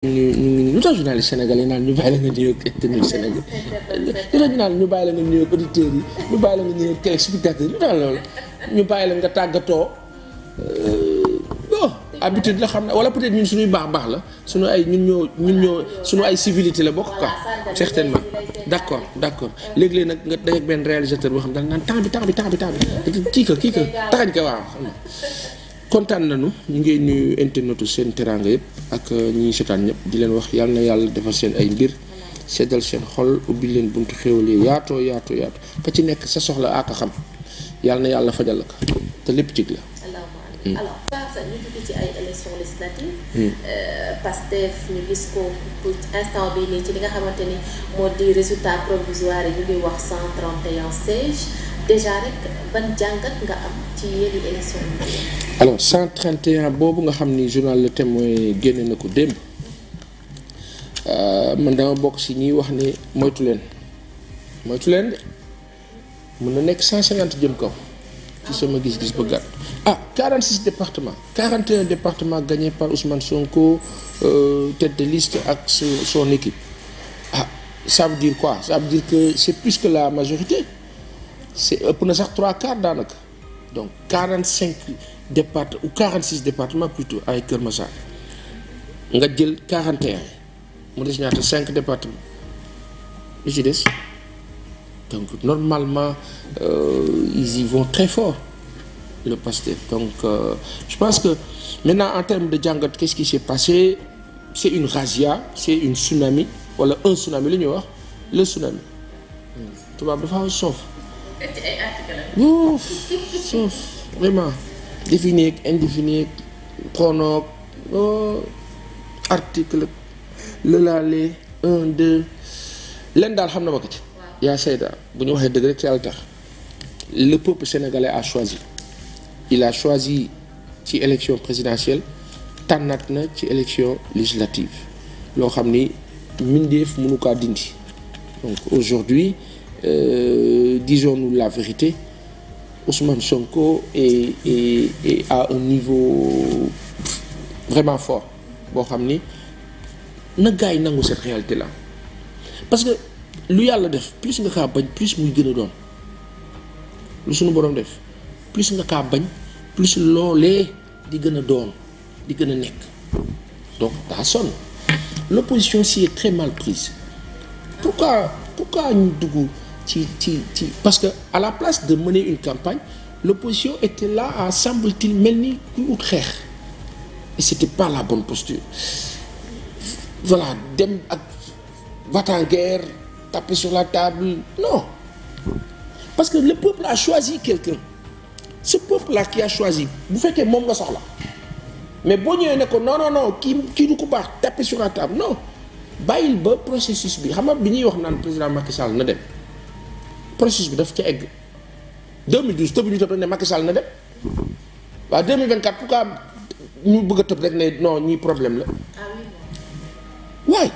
ñu ñu lu tax journaliste sénégalais naan ñu bàyyi la nga nuyoog internet sénégalais lu tax ñu naan ñu bàyyi auditeurs yi ñu bàyyi la nga nuyoog téléspectateurs yi lu tax ñu bàyyi la nga tàggatoo euh, bon habitude xam ne wala peut-être ñun baax baax la suñu ay ñun ñoo ñun ñoo suñu ay civilité la bokk quoi certainement d'accord d'accord léeg-léeg nag nga dajeeg benn réalisateur boo xam ne daal naan temps bi temps bi temps bi temps bi kii ko kii ko taxañ ko xam nga kontaan nañu ñu ngi nuyu internetu seen teraanga yëpp ak euh, ñi seetaan ñëpp di leen wax yàlla na yàlla defal seen ay mbir seddal seen xol ubbi leen buntu xéwal yi yaatoo yaatoo yaatoo fa ci nekk sa soxla aka xam yàlla na yàlla fajal la te lépp cig la. Hmm. ci déjà rek ban jàngat nga am ci yëli élection yi. alors 131 boobu nga xam ni journal Le Témoin génne na ko démb euh, man dama bokk si ñuy wax ni moytu leen moytu leen mun mën na nekk 150 jëm kaw ci sama gis-gis ba gàtt ah 46 départements 41 départements gagnés par Ousmane Sonko euh, tête de ak son équipe ah ça veut dire quoi ça dire que c'est plus la majorité. c'est ëpp na sax trois quarts daanaka donc quarante cinq départ ou quarante six département plutôt ay Kër Massar nga jël quarante et un mu des cinq département lu si des donc normalement euh, ils y vont très fort le PASTEF donc euh, je pense que maintenant en terme de jàngat qu'est-ce qui s'est passé c'est une razzia c'est une tsunami wala un tsunami lu ñuy wax le tsunami tubaab dafa am suuf suuf vraiment défini ak indéfini ak pronom oh, article lëlaale lenn daal xam na ma ko ci yaa Seyda bu ñu waxee dëgg rek ci yàlla tax le peuple sénégalais a choisi il a choisi ci élection présidentielle tànnaat na ci élection législative loo xam ni mbindeef mënu kaa dindi donc aujourd'hui Euh, di zone nous la vérité, Ousmane Sonko est, est, un niveau vraiment fort boo xam ni na gars yi nangu cette réalité là parce que lu yàlla def plus nga kaa bañ plus muy gën doon lu sunu boroom def plus nga kaa bañ plus loolee di gën a doon di gën a nekk donc daa sonn l'opposition si est très mal prise pourquoi pourquoi ñu dugg ci ci ci parce que à la place de mener une campagne l'opposition était là à semble-t-il mel ni ku ut xeex et c'était pas la bonne posture voilà dem ak va-t-en-guerre taper sur la table non parce que le peuple a choisi quelqu'un ce peuple là qui a choisi bu fekkee moom nga soxla mais boo ñëwee ne ko non non non kii kii ko baax taper sur la table non bàyyil ba processus bi xam nga bi ñuy wax naan président Macky Sall na dem processus bi daf ca egg 2012 tëb ñu tëb rek ne Macky Sall na dem waaw 2024 pourquoi ñu bëgg a tëb rek ne non ñii problème la ah waaye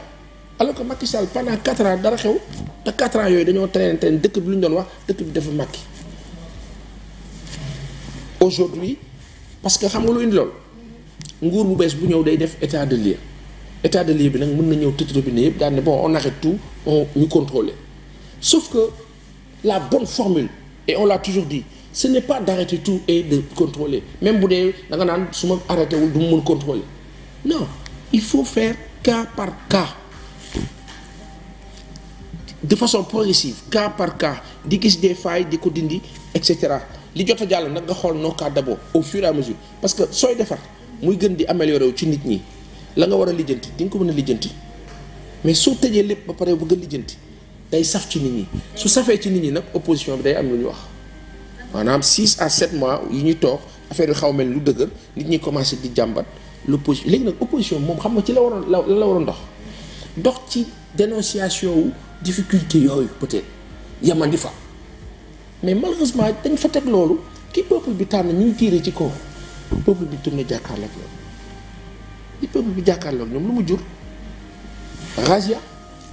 alors que Macky Sall pendant 4 dara xew te 4 yooyu dañoo traîner traîner dëkk bi lu ñu doon wax dëkk bi dafa màkki aujourd'hui parce que xam nga lu indi lool nguur bu bees bu ñëw day def état de lieu état de lieu bi nag mën na ñëw tëj robinet yëpp daal ne bon on arrête tout ñu contrôler la bonne formule et on l'a toujours dit ce n'est pas d'arrêter tout et de contrôler même bu dee da nga naan su ma arrêté wul du mu mën contrôler non il faut faire cas par cas de façon progressive cas par cas di gis des failles di ko dindi et cetera li jot a jàll nag nga xool noo cas d'abord au fur et à mesure parce que sooy defar muy gën di améliorer wu ci nit ñi la nga war a lijjanti di nga ko mën a lijjanti mais soo tëjee lépp ba pare bëgg a lijjanti. day saf ci nit ñi su safee ci nit ñi nag opposition bi day am lu ñu wax maanaam 6 à 7 mois yu ñu toog affaire yi xaw mel lu dëgër nit ñi commencé di jàmbat l'opposition léegi nag opposition moom xam nga ci la waroon la la waroon dox dox ci dénonciation wu difficulté yooyu peut-être yamandi fa mais malheureusement dañ fa teg loolu ki peuple bi tànn ñu tiire ci kaw peuple bi tourné jàkkaarloog ñoom li peuple bi jàkkaarloog ñoom lu mu jur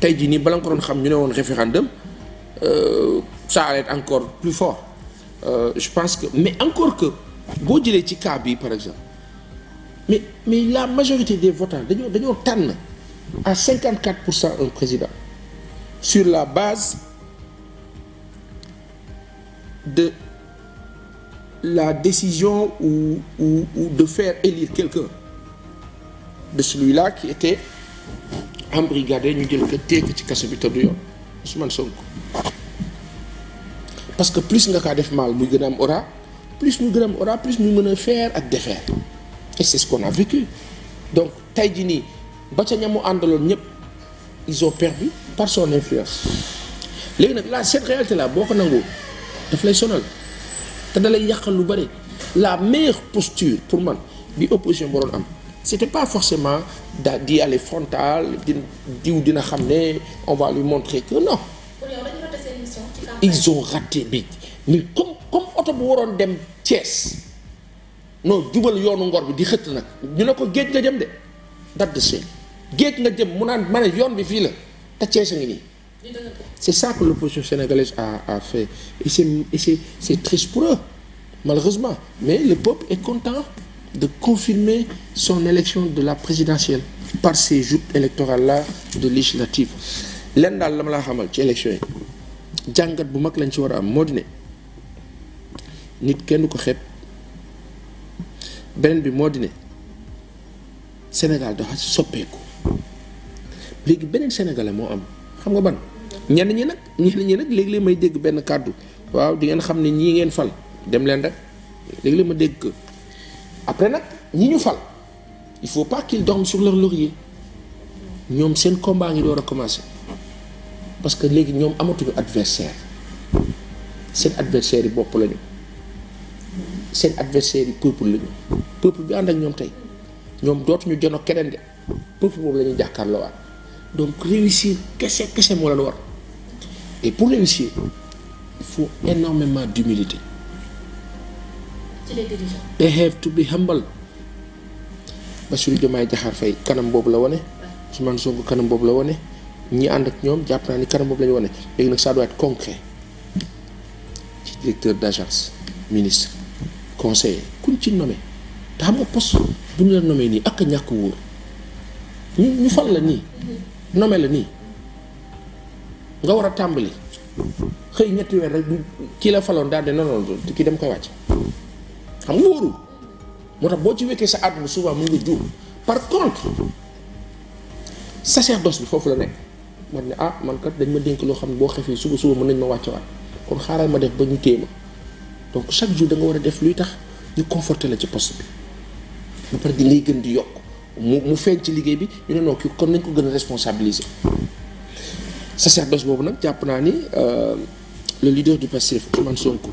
tey jii nii bala nga ko doon xam ñu ne woon référendum euh, ça allait encore plus fort euh, je pense que mais encore que boo jëlee ci cas bi par exemple mais la majorité des votants dañoo dañoo tànn à 54 pour cent un président sur la base de la décision ou, ou, ou de faire élire quelqu'un de celui-là qui était embrigadé ñu jël ko téye ci kaso bi te du yoon Ousmane Sonko parce que plus nga kaa def mal muy gën a am aura plus mu gën a am aura plus muy mën a faire ak défaire et c'est ce donc tey jii nii ba ca ñamu àndaloon ñëpp ils ont perdu par son influence léegi nag la cette réalité là boo ko nangoo daf lay sonal te da lay yàqal lu bari la meilleure posture pour man bi opposition boroon am. c'était pas forcément da di aller frontal di diw dina xam ne on va lui montrer que non. ils ont raté bi mais comme oto bu waroon dem Thiès non jubal yoonu ngor bi di xët nag ñu ne ko géej nga jëm de date seen géej nga jëm mu naan ma yoon bi fii la te Thiès a ngi nii. c'est ça que l'opposition sénégalaise a fait et c'est triste pour eux malheureusement mais le peuple est content. de confirmer son élection de la présidentielle par ces joutes la là de législative lenn daal la laa xamal ci élection yi jàngat bu mag lañ ci war a am moo dine nit kenn ko xeeb beneen bi moo dine Sénégal dafa soppeeku léegi beneen sénégalais moo am xam nga ban ñenn ñi nag ñenn ñi nag léegi-léeg may dégg benn kàddu waaw di ngeen xam ne ñii ngeen fal dem leen rek léegi-léeg ma dégg après nag ñi ñu fal il faut pas qu'ils dorment loxo leur laurier ñoom seen combat ngi door a commencer parce que léegi ñoom amatuñu adversaire seen adversaire yi bopp lañu seen adversaire yi peuple lañu peuple bi ànd ak ñoom tey ñoom dootuñu jono keneen de peuple boobu la ñuy jàkkaarloowaat donc réussir kese kese moo leen war et pour réussir il faut énormément d'humilité ci les dirigeants. they have to be humble. Bassirou Diomaye Diakhar Faye kanam boobu la wone wane. man Sonko kanam boobu la wone ñi ànd ak ñoom jàpp naa ni kanam boobu la ñu wane léegi nag ça doit être concret ci directeur d' agence ministre conseiller kuñ ci nommé te xam nga poste bu ñu la nommé nii ak a ñàkk wóor ñu ñu fal la nii nome la nii nga war a tàmbali xëy ñetti weer rek kii la faloon daal de non non kii dem koy wàcc. xam nga wóorul moo tax boo ci wekkee sa àdduna souvent mu ngi juum par contre dos bi foofu la nekk man ne ah man kat dañ ma dénk loo xam ne boo xefee suba suba mën nañ ma wàccewaat kon xaaral ma def ba ñu téye donc chaque jour da nga war a def luy tax ñu conforté la ci poste bi ba pare di ngay gën di yokk mu mu feeñ ci liggéey bi ñu ne non kii kon nañ ko gën a responsabiliser dos boobu nag jàpp naa ni euh, le leader du Pastef Ousmane Sonko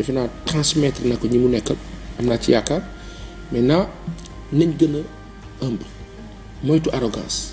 defe naa transmettre na ko ñi mu nekkal am naa ci yaakaar maintenant nañ gën a moytu arrogance.